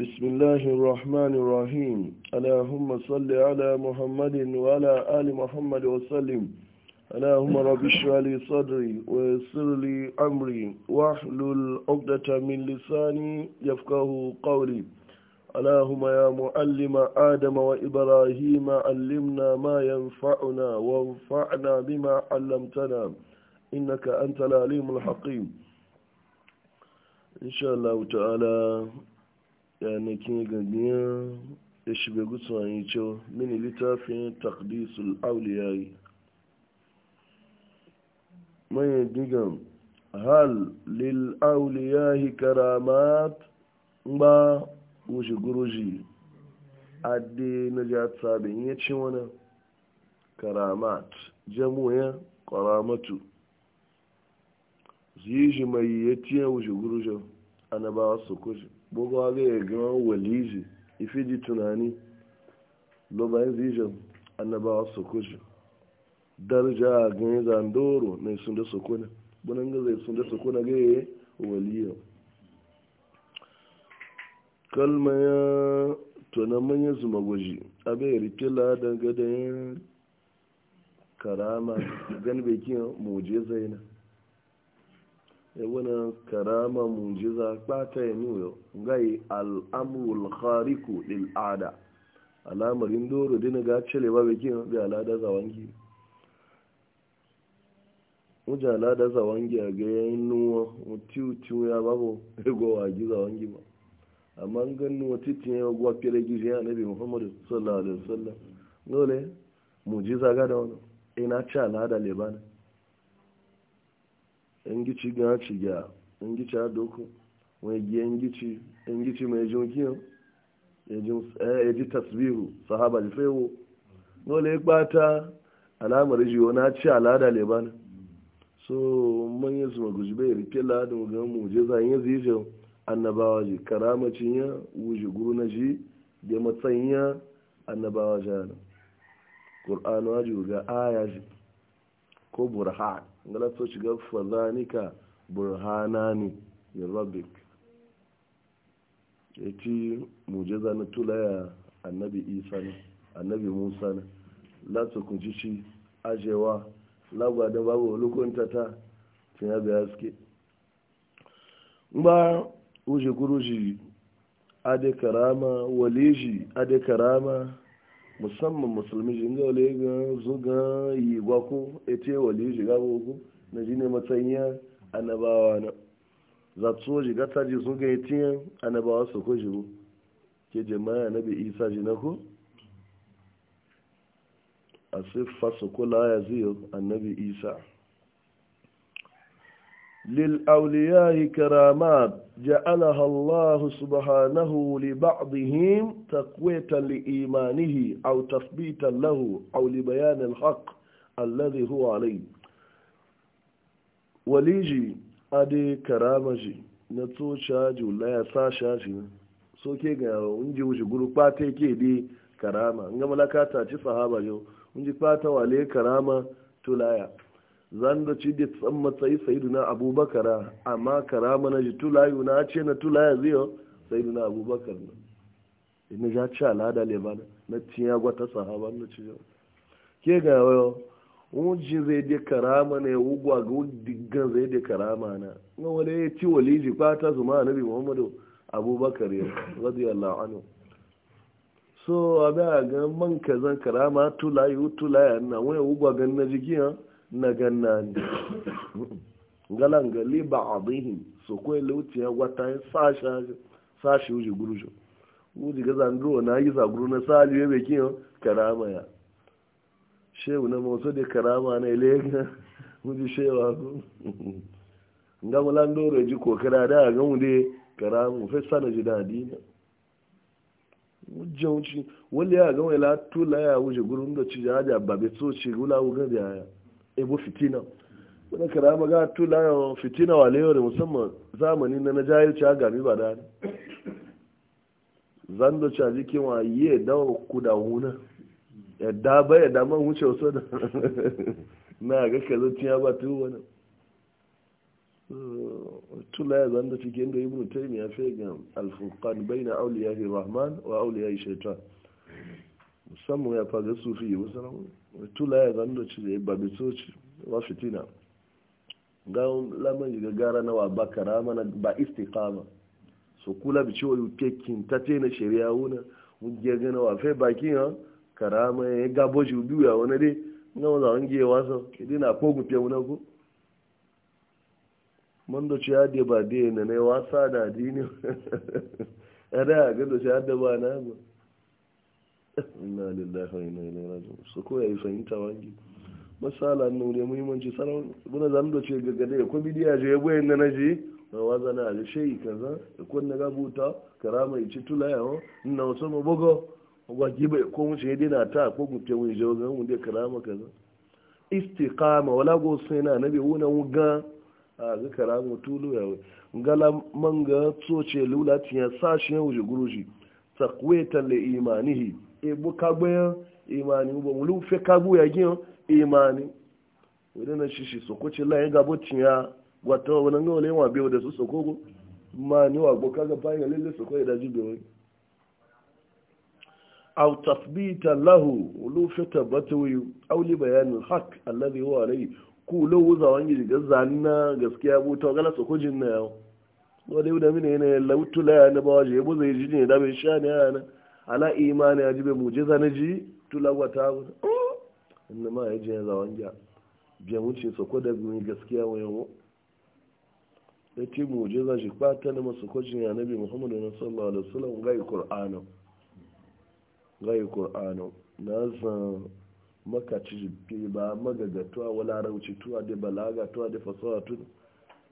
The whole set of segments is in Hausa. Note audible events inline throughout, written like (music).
بسم الله الرحمن الرحيم اللهم صل على محمد وعلى آل محمد وسلم اللهم رب اشرح لي صدري ويسر لي امري واحلل عقدة من لساني يفقه قولي اللهم يا معلم آدم وإبراهيم علمنا ما ينفعنا وانفعنا بما علمتنا إنك أنت العليم الحكيم إن شاء الله تعالى yanakin kin ya shiga gutsu an yi cewa mini littafin takdisul auliyayi mai digan hal lil auliyayi karamat ba wuce guruji adi na jata bin ya ci wani karamat jamuwa karamatu zai shi mai ya tiya wuce guruji ba su kushe bugu ga ya gama waliji ifi ji tunani lobayin zijin annabawa sokoji kuji darja a gani zandoro na sun da su kuna bunan ga zai sun da su kuna ga ya ya tunan manyan zuma gwaji abin ya rike ladan gadon karama gan bai kiyan muje zainab wani karama mujiza bata ya nuyo gai al'amurul khariku lil'ada alamarin doro dina ga cile ba bikin bi alada zawangi wuce alada zawangi a ga yayin nuwa mutu ya babu (laughs) egowa gi zawangi ba amma ganin wata tiye ya gwa fere gizi ya nabi muhammadu sallallahu alaihi wasallam dole mujiza ga da wani ina ci alada lebanin ingici ga ci ga ingici a doku wani gi ingici ingici mai eh, jin kiyan ya ji tasbihu sahaba da fewo dole ya bata alamar jiyo na ci alada lebanon so manyan su maguji bai rike ladin ga muje za yi zijin annabawa ji karamacin ya wuji guru na ji da matsayin ya annabawa jana ƙur'anu ji ga aya ji ko burhan ngala to shiga fazanika burhanani min rabbik yace mujiza na tulaya annabi isa ne annabi musa ne la to kunji shi ajewa lagwa da babu lukunta ta tun da yaske. suke ba uje guruji ade karama waleji ade karama musamman musulmi ga wale ga zuga yi gwako ete wale ga gogo na ji ne matsayin ya annabawa na zato ga ta ji zuga ya tiyan annabawa su ko shigo ke jama'a na bai isa shi na ku a siffa su kula ya ziyo annabi isa للأولياء كرامات جعلها الله سبحانه لبعضهم تقوية لإيمانه أو تثبيتا له أو لبيان الحق الذي هو عليه وليجي أدي كرامجي نتو شاجي ولا يسا شاجي so ke ga unji wuce guru kwata ke dai karama in ga malakata ci sahaba yau unji kwata wale karama tulaya zan da ci da tsan matsayi sayiduna abubakar amma kara mana ji tulayu na ce na tulaya ziyo sayiduna abubakar na ina ja ci alada ne ba na tiya gwata sahaba na ci jau ke ga wayo wujin zai da karama ne wugwa ga diggan zai da karama na na wale ya ci waliji fata su ma nabi muhammadu abubakar ya radiyallahu anu so abin a ga man kazan karama tulayu tulaya na wani wugwa ganin na jigiyan na gannan galanga liba adihim so ko lauti ya wata sasha sashi uji gurujo uji gaza zandro na yi zaguru guru na sali ya be kiyo karama ya shehu na motso de karama na ilega uji shewa ko nga mulando re ji kokara da ga mu de karamu fe sana ji dadi na mujjauci wali ya ga wala tula ya uji gurin da ci jaja babe so ci gula uga da ya ebo fitina wani kara maga tula yawon fitina wa leore musamman zamani na ci a gami ba da zando ci a jikin wa yi dawa kuda huna yadda ba ya man wuce wasu da (laughs) na ga kazo tiya ba tu wani tula ya zando ci gendo ibn taymi ya alfukan bai baina awliya rahman wa awliya shaitan musamman ya faga sufi musamman tula ya zan chile da ba bi soci ba fitina ga laman yi gagara na wa bakara mana ba istiqama so kula bi ciwo yukekin ta te na shari'a wuna mun gana wa fe bakin ha karama eh, ya gabo ji biyu ya wani dai na wanda an ge wasa idan na ko gufe wuna ku man doci ya de ba de na ne wasa da dini ada ga doci ya da ba na ba inna lillahi wa inna ilaihi raji'un su ko yayi fahimta wangi masala nan ne muhimmanci sanan buna zan ce gaggade ko bidiya je ya boyen wa wazana al shay kaza ko na karama tula yawo inna wasu wa ko ce dina ta ko gute mun je ga mun da karama kaza istiqama wala go sena nabi wuna wuga a ga karama tulu yawo ngala manga tsoce wuje guruji li imanihi ebo kagbe yan imani bo mulu fe kagbu ya gin imani wede na shishi soko ce la ga botin ya wato wannan ga wale wa biyo da su soko go Mani ni wa gbo kaga fa ya lele soko da jibe wai aw tathbita lahu mulu fe tabbatu aw li bayan al haqq alladhi huwa alayhi ku lo wuza wangi ga zanna gaskiya bu to gala soko jin na yau wale da mine ne lautula ya na bawaje bu zai ji ne da bai sha ne ana ana imani ya jibe mujiza na ji tulawa ta abu oh! inda ma ya ji ya zawon gya biyan wuce su ko da biyu gaskiya wayan yawo ya ce mujiza shi kwata na masu kwacin ya nabi muhammadu na sallallahu alaihi wasallam gai kur'anu gai kur'anu na san makaci ke ba magagatuwa wala rauci tuwa da balaga tuwa da fasowa tun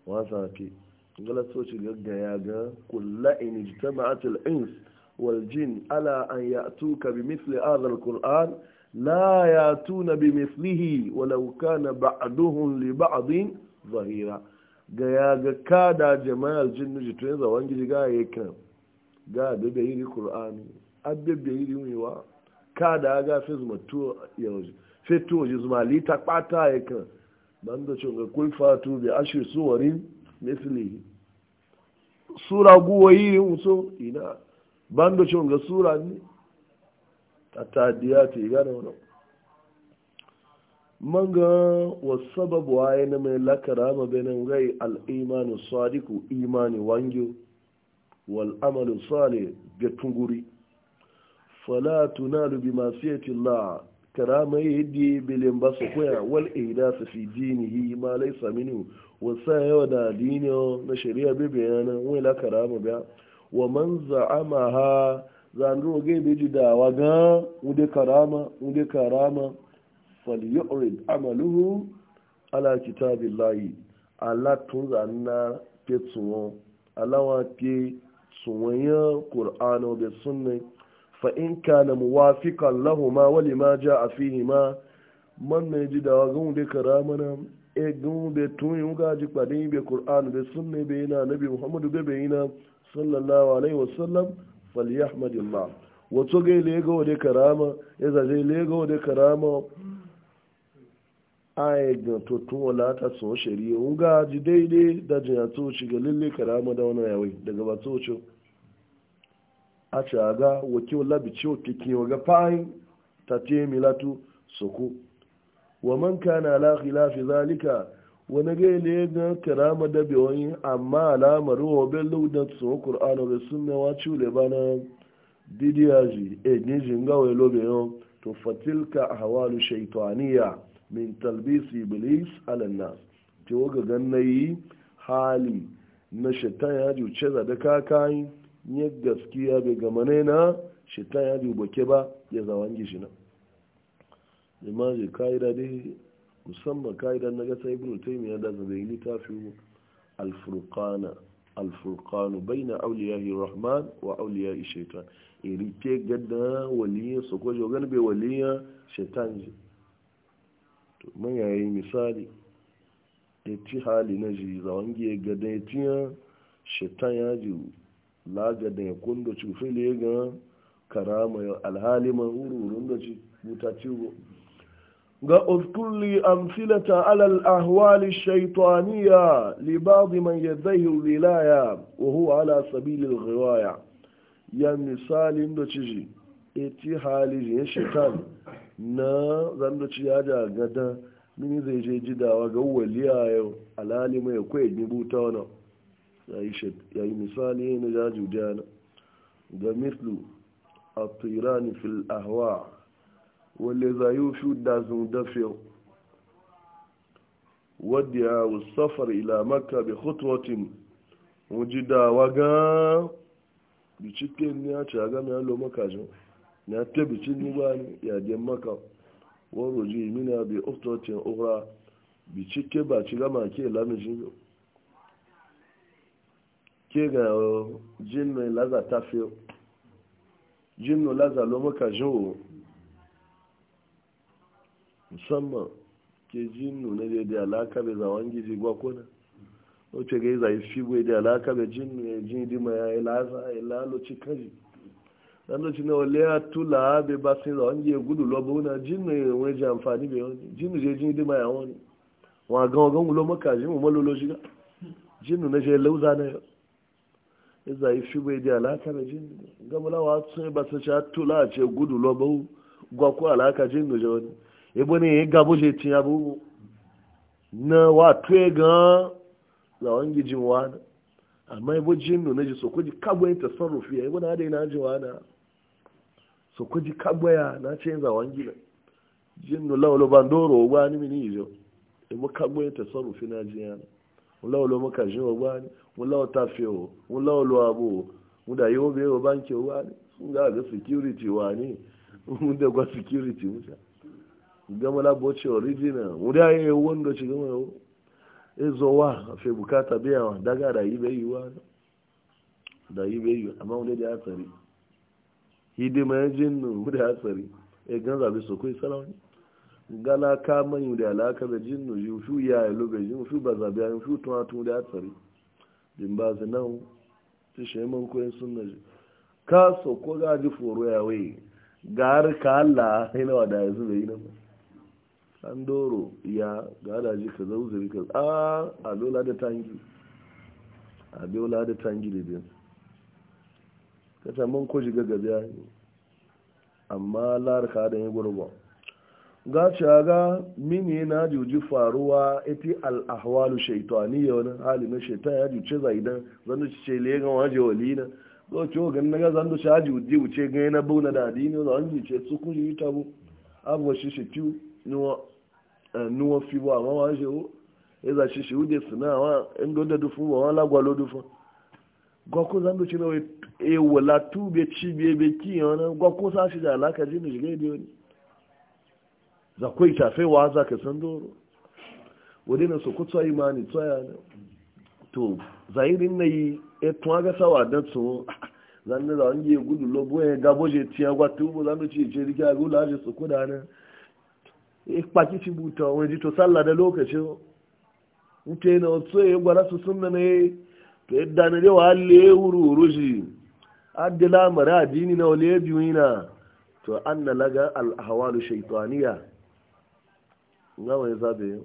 wasa ke galasoci gaggaya ga kulla in ijtama'atul ins Waljin ألا an يأتوك بمثل هذا القرآن لا يأتون بمثله ولو كان بعضهم لبعض ظهيرا ga kada jama'ar jinnu jitun zawon gidi ga ya kan ga da yiri qur'ani abbe da yiri wewa kada ga fizma to yaji feto ji zuma li ta pata ya kan banda cin ga fatu bi ashri suwarin mislihi sura guwa yiri so ina bando ci ga sura ni yi gane wani manga sababu waye na mai lakara ma benin gai al'imanin sadiku imani wangyo wal'amalin sale ga tunguri fala tunalu bi masiyatillah karama yadda bilin ba su koya wal su fi dinihi ma laisa minhu wasu yawa da dini na shari'a bibiyana bayanan wai la biya wa man za'ama ha zanro ga bi ji dawa ga ude karama ude karama falyurid amaluhu ala kitabillahi ala tun zanna tsuwo ala wa ke suwanya qur'ano da sunna fa in kana muwafiqan ma wa lima ja'a fihima man ne ji dawa ga ude karama na e gun be tun ga ji pade be qur'an da sunna be na nabi muhammadu be be ina sallallahu alaihi wasallam falyahmadillah wato gai lego da karama ya zaje lego da karama ai ga to tun wala ta so shari'a un ga ji daidai da jin ya to shiga lalle karama da wannan yawai daga ba to a ce ga wakil labi ce wakil ga fayin ta ce milatu soko wa man kana la khilafi zalika wani ne ga kirama da biyoyi amma alamar wabin ludan tsohon kur'anu da sun mewa cule bana didiyaji e a gijin gawai lobeyon to fatilka a hawalu shaitaniya min talbis iblis alannas te ga gannayi hali na shaitan ya juce za da kakayi ya gaskiya bai gamane na shaitan ya jubake ba ya zawon gishina. Imaji ka'ida dai musamman ka'idan na gasa ibn taymiya da zabe littafin littafi alfurqana alfurqanu baina awliyahi rahman wa awliyahi shaitan iri te gadda waliya su ko jogan be waliya shaitan ji to mun yayi misali ya ci hali na ji zawange gadda ya ci shaitan ya ji laga da ya kundo ci fili ga karama wuri wurin da ci mutaci ga uzkulli amsilata alal ahwali shaitaniya li ba'di man yadayhi wilaya wa huwa ala sabili al ya misalin da ciji eti hali ya e shaitan na zando ci ya ja gada mini zai je jidawa ga waliya yau alali mai kwai ni wani ya yi misali na jaju dana ga mislu a tirani fil ahwa wale zayu fi da zun dafiya wadda ya safar ila maka bi khutwatin wuji da waga bi cikin ya ci a gami alo makajin na ta bi cin niba ne ya den maka waro ji mina bi khutwatin ura bi cikin ba ci gama ke lamishin yau ke ga jinnu laza tafiya jinnu laza lo makajin musamman ke ji nuna da da alaka bai zawon gizi gwa kona wace ga yi zai fi da alaka bai jin nuna jin dima ya yi ya ya laloci kaji laloci na wale ya tula bai ba sai zawon giji gudu lobo wuna jin nuna ya wani ji amfani bai wani jin nuna jin dima ya wani wa gan gan wulo maka ji mu malolo shiga jin nuna je lauza na yau ya zai da alaka bai jin gamulawa sun ba a tula ce gudu lobo gwa ko alaka jin nuna wani ebe ne ya gabo je tinya bu na wa tuye ga za wangi jin wani amma ibo jin nuna ji so kuji kagbo yin tasarrufi ya ibo na adai na ji wani so kuji kagbo ya na chenza yin za wangi na jin nuna wani bandoro ba ni mini ijo ibo kagbo yin tasarrufi na ji yana wula wula maka jin wa ba ni wula wa tafiya wa wula wula abu wula yi wa bai wa banki wa ni sun ga ga security wa ni wunda gwa security musa gama laboci original wuda ya yi wanda ci gama yau ezowa a fe bukata biyawa daga da yi bai yiwa da yi bai yiwa amma wuda da hatsari hidima ya e jin nun wuda hatsari e gan zabi su kai e salauni gala ka manyu da alaka da jin nun yiwu shu ya yi e lobe jin shu ba zabi ya shu tuwa tun da hatsari din ba su nan ta shaiman koyin sun na ji ka so ko gaji foro ya wai gar ka Allah yana wa da yanzu bai yi nan ba an doro ya ji ka zauzuri ka a a lola da tangi a lola da tangi da biyan ka saman ko shiga ga biya ne amma lara ka da ya gurba gaci ga mini na juji faruwa iti al'ahwalu shaitani ya wani hali na shaitan ya juce za idan zanu ce le ga waje wali na zo ci gani na ga zanu ci haji uji wuce gani na bau na ne adini wani ce su kun yi tabu abuwa shi shi ni wa. nuwa fi bọ àwọn wọn ṣe ó ẹzà ṣiṣẹ́ ó sùn náà àwọn ẹgbẹ́dẹ́dù fún wọn alágbà lódú fún gọkún sáńdó ṣe náà látú bẹ tí bí ebe kí yàn náà gọkún sáṣe dà lákàtí nù ṣìlẹ̀ èdè òní zakó ìṣàfẹ́ wàá zakẹ̀ sáńdóró wòdé na sọkó tó ayé máa nì tó ayé àná tó zahiri nna yi ẹtùn ń yé gudu lọ bóyá gabó ṣe tiẹ́ wá tó bó láńdó ṣe ìṣe ikpaki fi buta wani to sallah da lokacin nke na otu ya gwara su sun na ne to yadda na dewa alle wuru wuru shi adila mara adini na wale biyu na to an na laga alhawalu shaitaniya nga wani zabe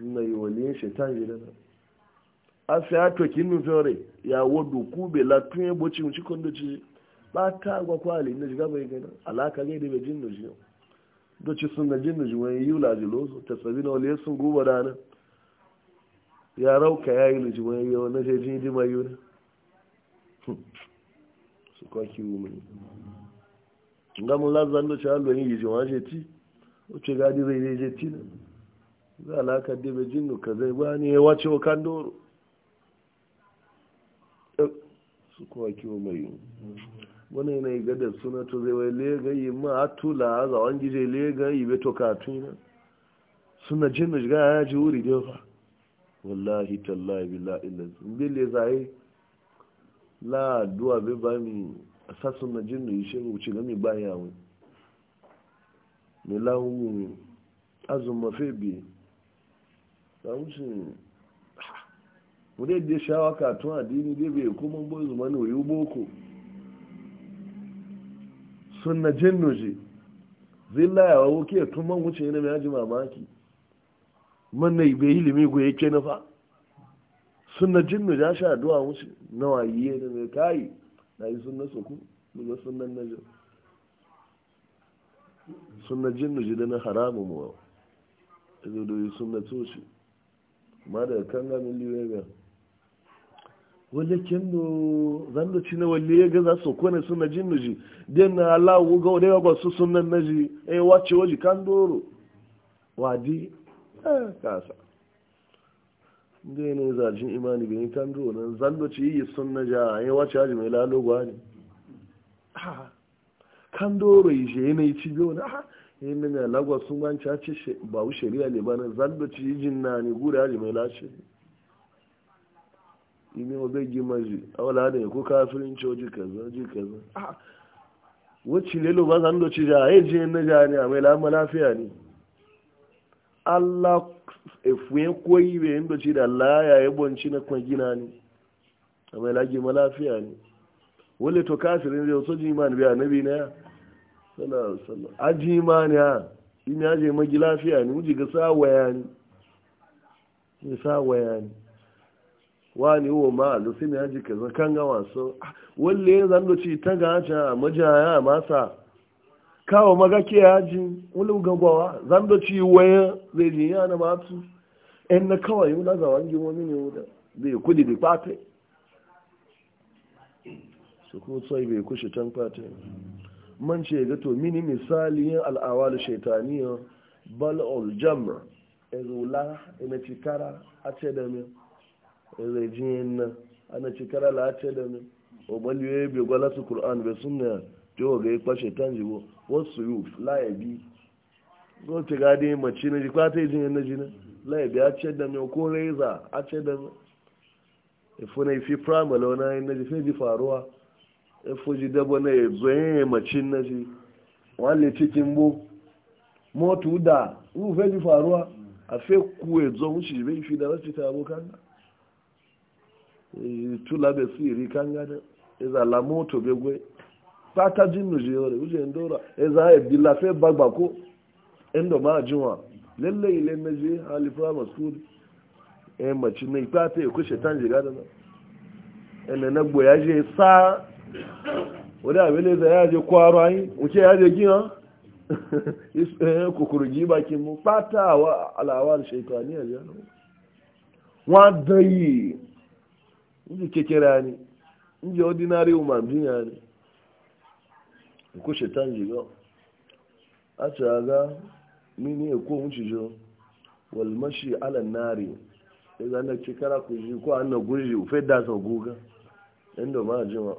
na yi wale shaitan yi dana a fi toki nnu fere ya wadu kube latun ya boci cikin ci kondo ci ba ta agwa kwali na shiga bai gana alaka gai da bai jin da shi yau doci sun da jin da juwaye yi laji lozo ta sabi na wale sun guba da ya rauka ya yi laji wani yawon na jejin jima yi wani su kwaki wumi gamun lazan doci halon yi jima je ti wace gadi zai zai je ti na za alaka debe jin ka zai ba ni ya wace wa kan doro su kwaki wumi wani na yi gadar suna to zai wai lega yi ma a tula a zawon gije lega yi beto katun na suna jin da shiga ya ji wuri dai fa wallahi tallahi bila ilaz in bi le zai la duwa be ba mi sa suna jin da shi mu ci gami ba ya mu mai la hu mi azum ma fe bi da mu shi mu dai da shawa katun addini dai bai kuma bozu mani wayo boko sunna ji zilla ya wawo ke tun man wuce ne mai haji mamaki man na ibe ilimi go yake na fa sunna jinnoji ya sha duwa wuce na wayiye da mai kayi na yi sunna soku daga sunnan najin sunna jinnoji da na haramu mu wa izo da yi sunna toshi ma daga kan gamin liwe ga wale kendo zan da cina walle ya gaza so kone na jin nuji den na Allah wuga wadai su sun nan naji eh wace waje kan doro wadi eh kasa ndai ne zarjin imani bin kan doro nan zan da ci yi na ja eh wace waje mai lalo ne kan doro yi je ne ci biyo na eh ne na lagwa sun ban ci ba wu shari'a ne ba nan zan da ci jin na ne gura mai lashe ime obegi maji awala ne ko kafirin coji kaza ji kaza ah. wacce lelo ba zan doci ja e je na ja ne a mai lamar lafiya ne allah efuye koyi bai yin doci da allah ya yi e bonci na kwa gina ni a mai lagi ma lafiya ne wale to kafirin zai so ji imani biya nabi na ya sallallahu alaihi aji imani ha in ya je magi lafiya ne muji ga sawaya ne sawaya ne wani wo ma lusin ya ji kaza kan ga waso ah, walle zan do ci ta ga ta majaya masa kawo maga ke yaji wani gabawa zan do ci waya zai ji ya na matu en na kawai yau na zawan gi wani ne Be zai kudi da fate su kuma sai bai kushe tan fate man ce ga to mini misali yin al'awal shaitaniya bal ul jamr ezula ina e cikara a ce da mai zai ji yin nan ana cikara la'ace da ne o mali ya bai gwala su kur'an bai sun na jawa ga ya kwashe tan jibo wasu yi laye bi zo ci gadi mace na ji kwata yi jin na ji na laye bi a ce da ne ko reza a ce da ne ifo na ifi e primalo na yi e na ji fi ji faruwa ifo e ji dabo na ya zo ma mace na ji wale cikin bo motu da ufe ji faruwa a fe kuwa zo shi bai fi da rasu ta abokan nan tula be siri kanga da eza la moto be gwe pata jinnu jiyore uje ndora eza e bila fe bagba ko endo ma ajwa lalle ile meje hali prima school e machi ne pata e ko shetan je gada na ene na gbo ya je sa ori abele za ya je kwaro ayin uche ya je gihan (laughs) eh, kukurugi bakin mu pata wa alawar shaitaniya ya no wa dai ndị kekere anyị ndị ọdịnarị ụmabinye anyị nkwụcheta njigo achara ga mini ekwo nwuchijo walmashi ala nari ịga na kekara kuji an na guji ufe da sa guga inda ma jima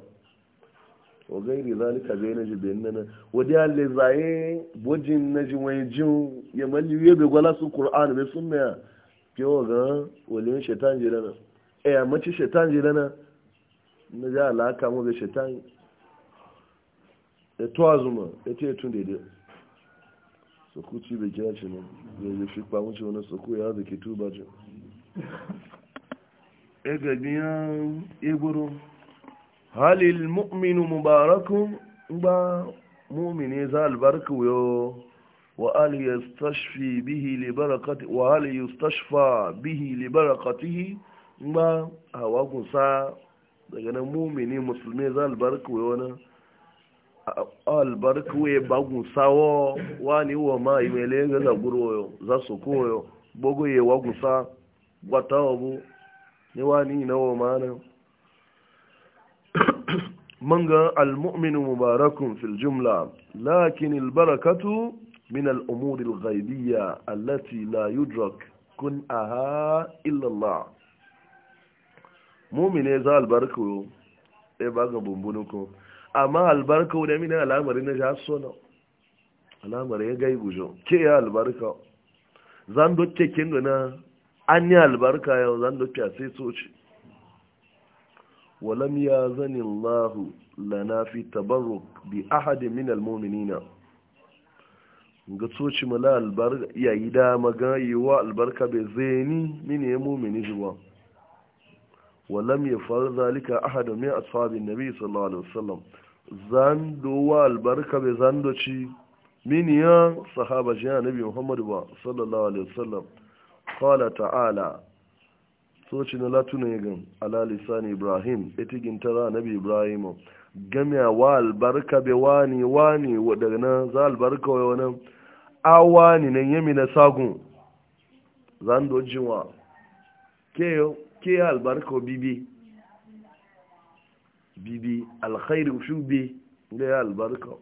o gairi zalika bai na jibe nana wadi alle zaye na ji ya malli yebe gwala su ya eh, mace shaitan ji lana na ja alaka mu da shaitan ya e tuwa zuma ya ce tun daidai soku ci bai kira ce ne ya yi fi kwa ce wani soku ya zaki tuba ce ya gabi e ya igboro halil mu'minu mubarakun ba mu'mini za albarka yau wa يستشفى به bihi وهل يستشفى ba a wagun daga nan mumini musulmi za albarka wai wani albarka wai bagun wani wa ma yi mai layin za su koyo bogo ya wagun wabu ni wani na wa ma nan (coughs) manga almu'minu mubarakun fil jumla lakin albarakatu min al'umuri al-ghaibiyya allati la yudrak kun aha illallah mumine za albarka yau ɗaya e ba ga bumbunin ko amma albarka wani mini al'amari na ja sona al'amari ya gai gujo ke ya albarka zan dokke kin na an yi albarka yau zan dokke a sai soci walam ya zani allahu na fi tabarruk bi ahadin min almominina ga soci mala albarka yayi yi wa albarka bai zai ni mini ya mumini jiwa walam ya faru zalika ahadu min ashabin nabi sallallahu alaihi wasallam zando wa albarka bai zando ci min ya sahaba ji nabi muhammadu ba sallallahu alaihi wasallam qala ta'ala so ci na latuna gan ala lisan ibrahim itigin tara nabi ibrahim gamya wa albarka bai wani wani daga nan za albarka wani awani nan yami na sagun zando jiwa ke yau ke albarko bibi bibi alkhairu bi da albarko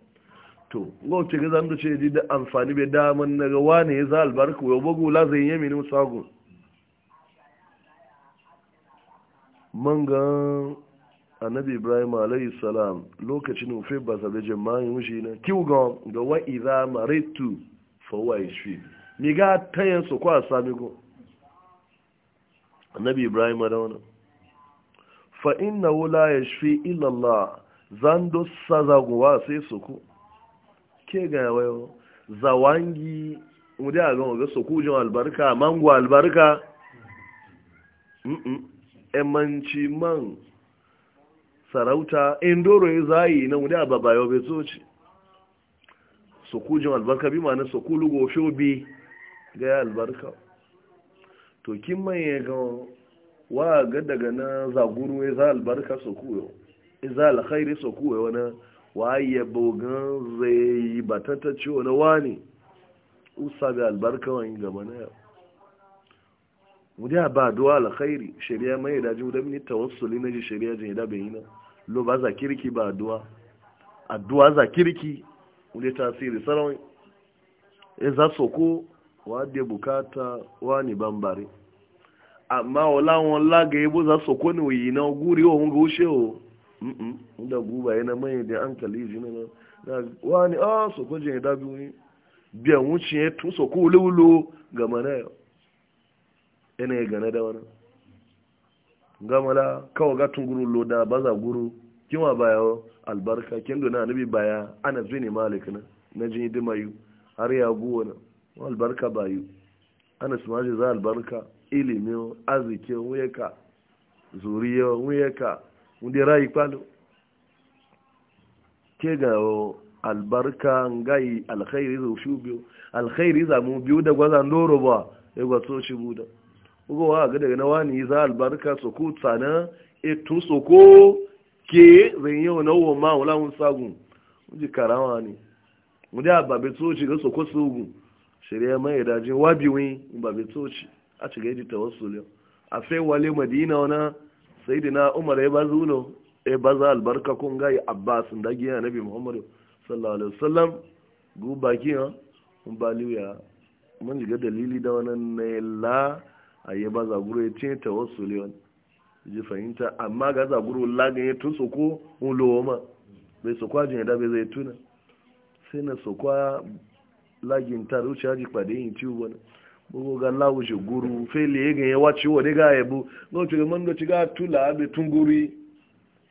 to ngo ce ga zan ce da amfani bai daman na ga wane ya za albarka ya bugu la zai yemi mini musago man ga annabi ibrahim alayhi salam lokacin ufe ba sa bejin mayin mushi na kiwu ga wa idha maritu fa wa ishi mi ga tayan su kwa sami ko annabi ibrahim da wani fa inna wula ya shi illallah zando sazaguwa sai suku. ku ke ga wayo zawangi wuri a gan suku jin albarka mango albarka emanci man sarauta indoro ya zayi na wuri a babayo bai Suku jin albarka bi ma na suku gofe bi ga albarka to kin manye ga wa ga daga na zaguru ya za albarka su kuyo ya za alkhairi su kuyo wani wa ya bogan zai batata ci wani wani usa ga albarka wani gaba na yau mudiya ba duwa alkhairi shari'a mai da jiwu da mini tawassuli na ji shari'a jin da bai na lo ba za kirki ba duwa a duwa za kirki mudiya tasiri sarawai ya za soko wadda bukata wani bambari amma wala wọn laga yabo za su kone wuyi na guri wa hunga ushe o da guba yana mai da an kalli jini na wani a su kwaje ya dabi wuni biyan wuce tun so ko wulewulo ga mana yau yana ya gane da wani gamala kawo gatun guru loda ba guru kima baya albarka kin dona nabi baya ana zini malik na na jini dimayu har ya guwa na albarka bayu ana su maji za albarka ilimin arzikin wuyeka zuriyar wuyeka wunde rayu kwalo ke ga albarka ngai alkhairi zo shu biyu alkhairi za mu biyu da gwaza doro ba ya e gwaso shi buda ugo wa ga daga nawani za albarka so ku tsana e tu so ko ke zan yau na wo ma wala un sagun ji karawa ne mu da babe so shi ga so ko sugun shirya mai dajin wabiwi ba bai toci a ci gaji ta wasu liyo a fai wale madina wana sai dina umar ya bazu ulo ya baza albarka kun gayi abbas da giya nabi muhammad sallallahu alaihi wasallam gu baki ha mun ba liya mun jiga dalili da wannan ne la a ya baza guru ya ce ta wasu liyo ji fahimta amma ga za guru ga ya tun soko ulo ma bai sokwa jin da bai zai tuna sai na sokwa lagin ta ruce haji kwade yin ciwo wani gbogbo ga guru fele ya ganye wa ciwo ne ga yabo lokacin da mandoci ga tula abe tun guri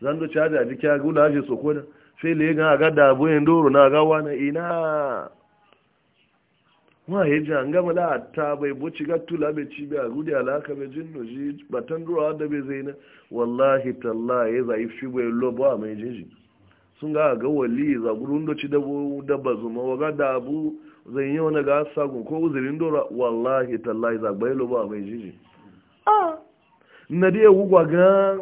zan doci haji a jiki a gula haji soko da fele ya ganye a ga dabo yin doro na ga wani ina wa ya ji an gama da ta bai boci ga tula bai ci bai alaka bai jin noji batan duro da bai zai na wallahi talla ya zai fi bai lobo a mai jinji sun ga ga wali za gurun doci dabo dabba zuma waga da abu zan yi wani ga sagun ko uzurin dora wallahi tallahi zagbai lo ba mai jiji ah. na dai wugwa ga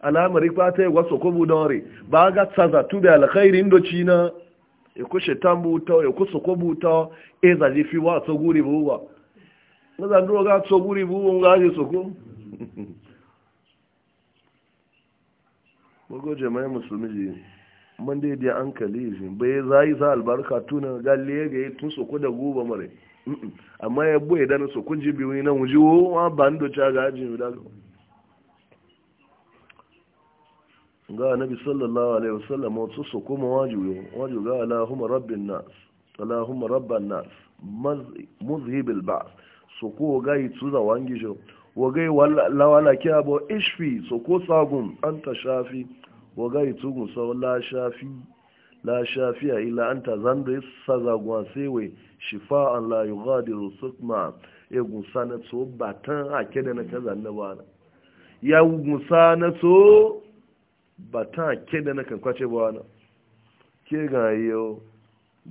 alamar ba ta yi wasu ko budore ba ga tsaza tu da alkhairin do china e ko shetan buta e ko so buta e za ji fi wa so guri buwa na zan dora ga so guri buwa ga ji so ko (laughs) Mugo jama'a musulmi man dai anka hankali shi bai za yi albarka tunan galle ya ga yi tun soko da guba mare amma ya boye so soko ji biyu na wuji wo ma ba ndo cha ga ji da ga nabi sallallahu alaihi wasallam wasu soko ma waju waju ga allahumma rabbin nas allahumma rabban nas muzhib ba soko ga yi tuza wangi jo wa ga lawala kiyabo ishfi soko sagum anta shafi waga itu musa la shafi la shafiya illa anta zando sa zagwa sewe shifa an la yughadiru sukma ya musa na so batan ake da na ba na ya musa na so batan ake da na kan kwace na ke ga yi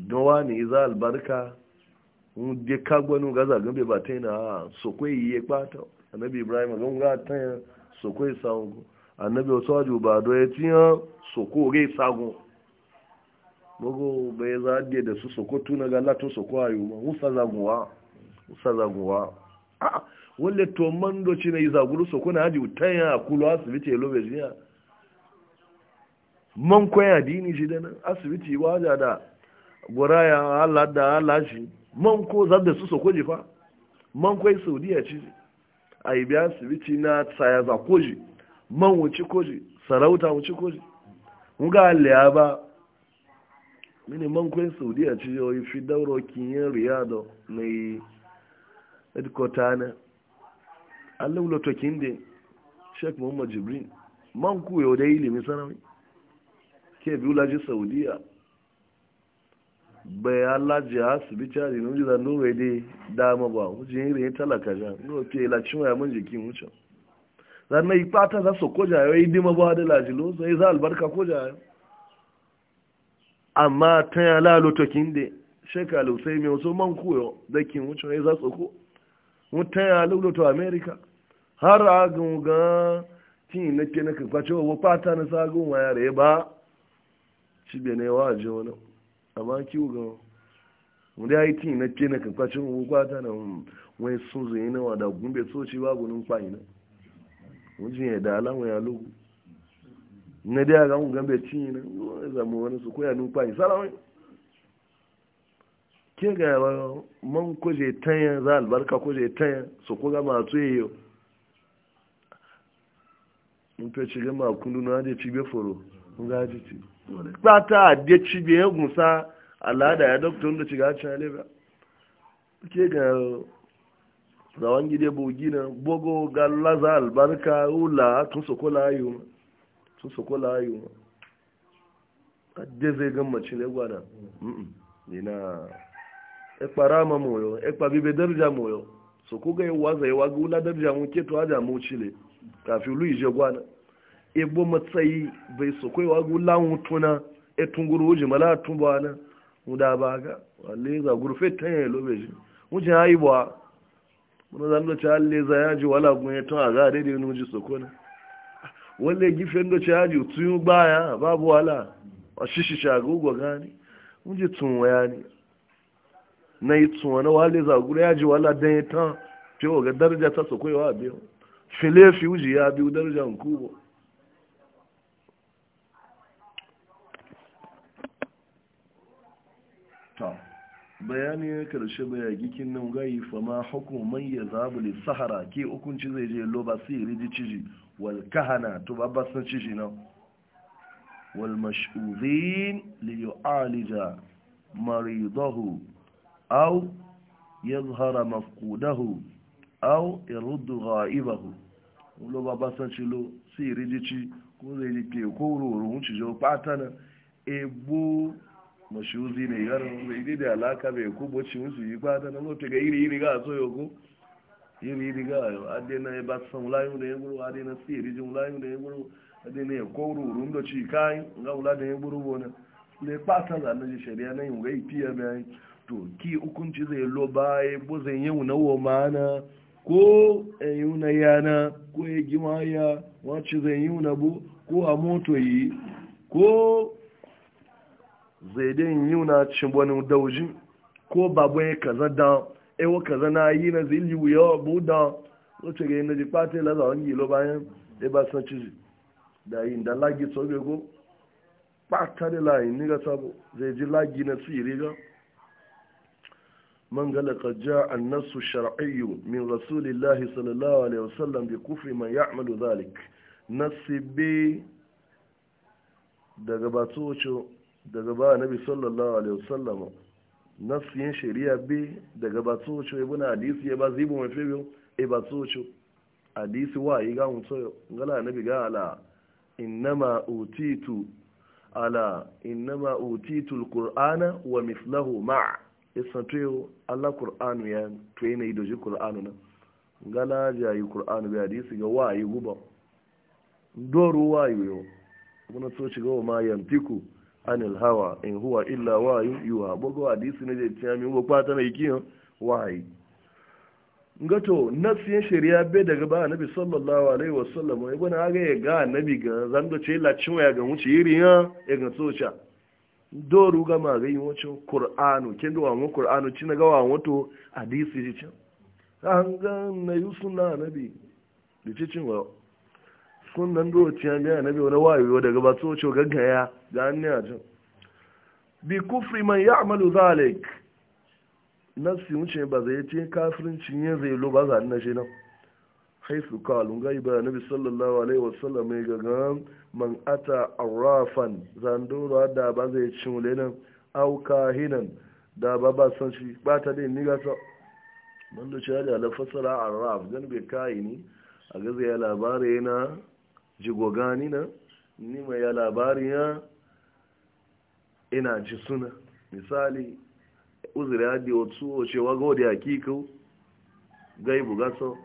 dawa ne za albarka mun de kagwanu ga zagan be batai na ah, so kwe yi ya kpata annabi ibrahim ga mun ga tan so kwe sawo annabi wasu aju ba do ya tiya soko gai sago mago bai za a da su soko tuna ga latin soko a yi ma wusa zaguwa wusa zaguwa a wale to mando ci na yi zaguru soko na haji yi ya kulu asibiti ya lobe jiya man kwaya dini shi da nan asibiti waja da guraya allah da allah shi man ko zar da su soko jifa man kwai saudiya ci a yi biya asibiti na tsaya zakoji man wuce koji sarauta wuci koji muga aliya ba mini man kwen saudiya ci yoyi fi dauro kinyin riyado mai edkota na allah wula tokin da sheik muhammad jibrin man ku yau da ilimi sarari ke biyu laji saudiya bai alaji asibiti a rinu jiza nore dai dama ba wujin irin talaka jan nore ke ilacin waya mun jikin wucin zanna yi fata za su koja yau yi dima ba da lajilo sai za albarka koja yau amma ta yi ya laloto kinde shekalu sai mai wasu man koyo da kin wucin ya za su ko mutan ya ta america har a gunga tin na ke na kafa cewa wa fata na sagun waya ya ba shi bene ne wa je wani amma ki ga mu yi tin na ke na kafa cewa wa fata na wani sun zuyi na wa da gumbe soci babu numfayi na mijin ya da alama ya lugu na dai ga mun gambe cinye na zama wani su koya nufa yi salamai ke ga man kuje tanya za albarka kuje tanya su a masu yau mun fi ci gama kundu na je ci foro mun ga ji ci pata de ci be gusa alada ya doktor da ci ga ci ale ba ke ga zawon gide bogina bogo ga laza albarka wula tun sokola yi ma tun sokola yi ma adde zai gan mace ne gwada nina ekpara ma moyo ekpa bibe darja moyo soko ga yawa waza yi ga wula darja mu keto aja mu chile kafi lu ije gwada ebo matsayi bai soko yi ga wula mutuna etunguru uji mala ba ga wale za gurfe tanye lobeji yi haibuwa muna zan doce halle za ya ji wala gun ya tun a ga daidai wani ji sokona wale gifin doce ya ji tun baya babu wala a shishi shagogo gani mun ji tun waya ne na yi tun wani wale za gura ya ji wala dan ya tun fiye wa ga darajar ta wa biyu filefi wuji ya biyu daraja kubo bayanin karshe bayagikin nan gayi fama hukuman ya zabu da sahara ke hukunci zai je loba su yi riji ciji wal kahana to babba sun ciji nan wal mashuzin liyo alija maridahu au ya zahara mafkudahu au ya rudu ga'ibahu loba ba sun cilo su yi riji ci ko zai je ke ko rorun cijo patana ebo mashuzi ne yar zai da alaka be ku bocci musu yi fata na mutu ga iri iri ga so yau iri iri ga yau ade na ba san layu da ya guru ade na si iri jin layu da ya guru ade ne ko rurun da ci kai ga ula da ya guru bona le pata da na ji shari'a na yin ga ipiya bai to ki hukunci zai lo bai bo zai yau na wo mana ko yau na yana ko ya gima ya wace zai yau na bu ko a moto yi ko zaidin yuna cin wani dauji ko babu ya kaza da ewa kaza na yi na zai liwu yawa bu da wace ga yana jipa ta laza wani gilo bayan ya e ba san ciji da yin da lagi sobe go pata da layi ni ga sabo zai ji lagi na su iri ga man gala ka an nasu shar'iyyu min rasulillahi sallallahu alaihi wasallam bi kufi man ya'malu dhalik nasibi daga wacce daga ba nabi sallallahu alaihi wasallam nasiyin shari'a bi daga ba tsoci ibn hadisi ya ba zibu mai fiyo e ba tsoci hadisi wa yi ga mutso ngala nabi ga ala innama utitu ala innama utitu alqur'ana wa mithlahu ma isantu Allah qur'anu ya to yana idoji qur'anu na ngala ja yi qur'anu bi hadisi ga wa yi guba doro wa yi yo muna shiga ga ma yantiku anil hawa in huwa illa wayu yuha bugu hadisi ne je tiyami mi mu kwata na ikiyo wayi ngato ya shari'a be daga ba annabi sallallahu alaihi wasallam ibn aga ya ga bi ga zando ce la cinwa ya ga wuce iri ya ya ga socha doru ga ma ga yin qur'anu kin do wa qur'anu cin ga wa wato hadisi ji can an ga na yusuna annabi da cicin wa kun nan ci an biya na biyu na wayo daga ba tsoci gaggaya ga hannun a jin bi kufri man ya zalik nafsi wuce ba zai ce kafirinci yin zai lo ba za na shi nan haisu kalun ga ba nabi sallallahu alaihi wasallam mai ga man ata arrafan zandoro da ba zai cin wule nan au kahinan da ba ba san shi ba ta dai ni gasa man da shi da la fasara arraf gan bai kai ni a gaza ya labari na. jigo gani ni nima ya labari ya ina ci suna misali uzuri hadi otu cewa gode hakiku gaibu gaso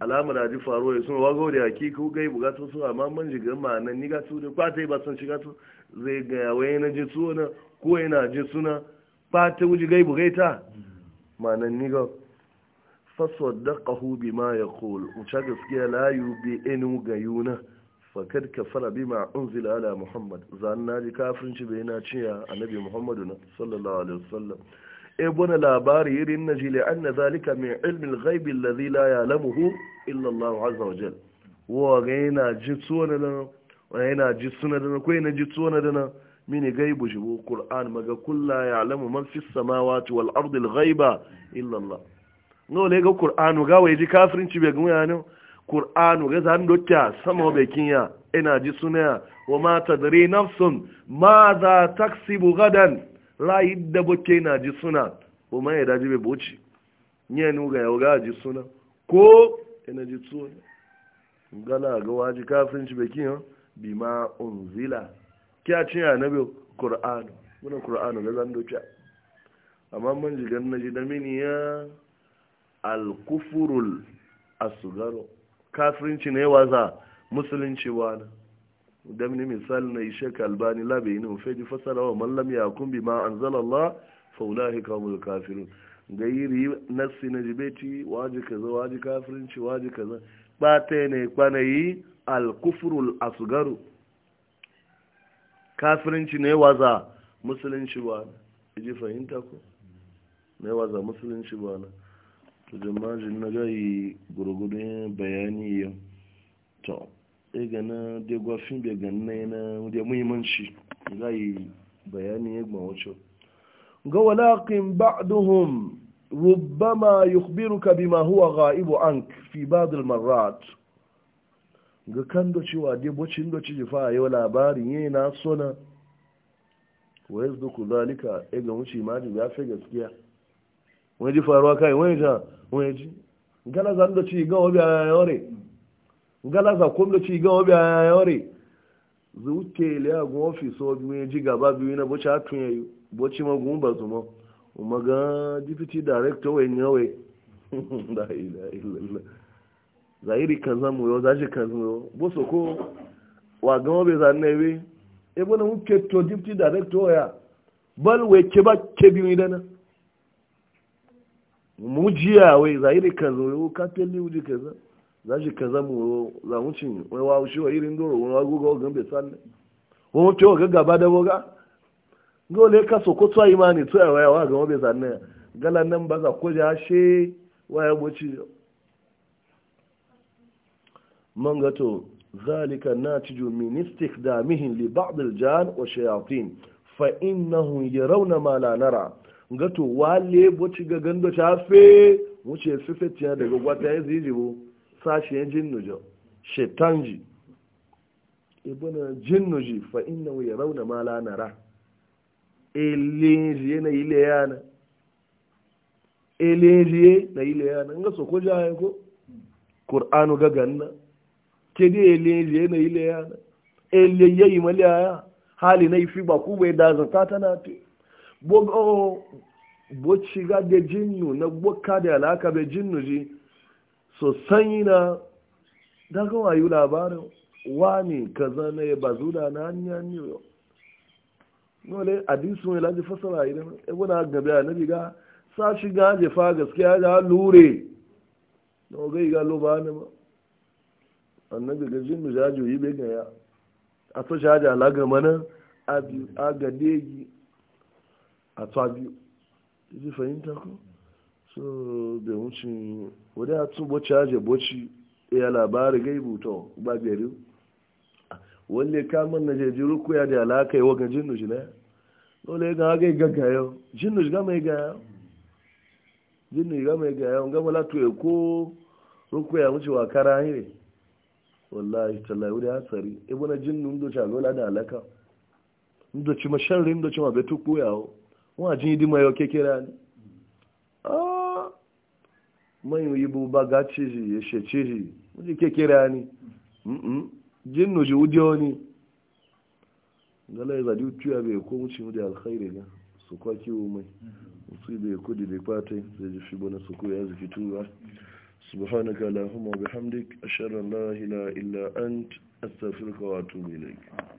alamar da faru faruwa sun wago da hakiku gaibu gaso su amma man jigar ma'anan ni gaso da kwata ba sun ci gaso zai ga yawai na ji suna ko yana ji suna kwata wuji gaibu gaita ma'anan ni gaso fasaddaqahu bima yaqul uca gaskiya layu bi inu gayuna fakad kafara bima unzila ala muhammad zanna ji kafirci bai na ciya annabi muhammadu na sallallahu alaihi wasallam e bona labari irin na jile anna zalika min ilmi al-ghaib alladhi la ya'lamuhu illa allah azza wa jalla wa ji tsona da wa yana ji suna da ko yana na mini gaibu shi kur'an maga kullu samawati wal ardi no lega kur'anu qur'anu ga wai ji kafirinci be gun yana qur'anu ga zan dokya sama be kinya ina ji sunaya wa ma tadri nafsun ma za taksibu gadan la yidda bokke ina ji suna o ma ya daji be boci nye nu ga yoga ji suna ko ina ji tsuwa gala ga waji kafirinci be kinya bima unzila kya ci annabi qur'anu wannan qur'anu ga zan dokya amma mun ji ganna ji da miniya alkufurul asugaro kafirinci ne waza musulunci wani dam ni misali na ishe kalbani labe ne fe ji fasara wa mallam ya kumbi ma anzala Allah fa ulahi kamul kafirun gairi nassi na jibeti waji kaza waji kafirinci waji kaza ta ne kwanayi alkufurul asugaro kafirinci ne waza musulunci wani ji fahimta ko ne waza musulunci wani to jama'ajin na gayi gurgudun bayani yau to ɗaya e gana dai gwafin bai ganna yana da muhimmanci gayi bayani ya gba wacce ga walakin ba'duhum rubbama yukhbiruka bima huwa ghaibu ank fi ba'd marrat ga kan da cewa dai bocin da ci jifa yau labarin yi na sona wai zuku zalika e ga wuce ma ji fi gaskiya wani ji faruwa kai wani ja weji galaza ndo ci ga obi ayore galaza kom do ci ga obi ayore ke le agun office obi meji gaba bi na bo cha tun yayu bo ci ma gumba zuma umaga deputy director we nyawe (laughs) la ilaha illallah zairi kaza mu yo zaje kaza mu bo soko wa ga obi za bi e bona mu ke to deputy director ya bal we ke ba ke bi na mujiya wai zahiri kaza wai katoli wuri kaza za shi kaza mu za mu cin wai wa shi wa irin doro wani wa gugawa gan bai sanne wani mafi wa gaggaba da boga dole ka so ko tsayi imani tsayi waya wa gan bai sanne gala nan ba za ko ja she waya boci man gato zalika natiju min istikdamihim li ba'd al-jan wa shayatin fa innahum yarawna ma la nara gato wale boci ga gando ta fe wuce fifetiya daga gwata ya zijibo sashen jin nujo shetanji ibuna e jin nuji fa inna ya rauna ma la nara elinji e na ile yana elinji e na ile yana nga so ko ya ko qur'anu ga ganna ke di elinji na ile yana ele yayi mali aya hali na ifi ba ku bai da zakata na ti bo bocci ga da jinnu na bokka da alaka bai jinnu ji so sanyi na daga wayu labarin wani kaza na ba zuda na hanyar new york nole Adisu mai laji fasara idan ebe na gabe a nabi ga sa shi ga jefa gaskiya da lure na oge ga lo ba na ba annabi ga jinnu jajo yi bai gaya a to shaja alaga mana a biyu a ga degi a to biyu ji fahimta ko so da wucin wadda a tsubo caje boci ya labari gaibu to ba biyari wale kamar na jeji rukuya da alaka yi wakan jin nushi na ya dole ga haka yi gaggayo jin nushi gama yi gaya jin nushi gama yi gaya gama latu ya ko rukuya wuce wa kara hire wallahi tallahi wadda hatsari ibu na jin nundoci a lola da alaka ndoci masharri ndoci ma betu koyawo wọ́n àjí ìdí mọ̀ ẹ̀yọ kékeré ni ah, mọ́yìn òyìnbó bá ga chíjì ẹ̀ṣẹ̀ chíjì wọ́n jí kékeré ni jínú jù údí ọ́ ni galai zadi bai ko mu mu da alkhairi ne su kwa kiwo mai musu bai ko da bai kwata ji fi bana su ko ya zafi tuwa subhanaka allahumma bihamdik ashhadu an la ilaha illa ant astaghfiruka wa atubu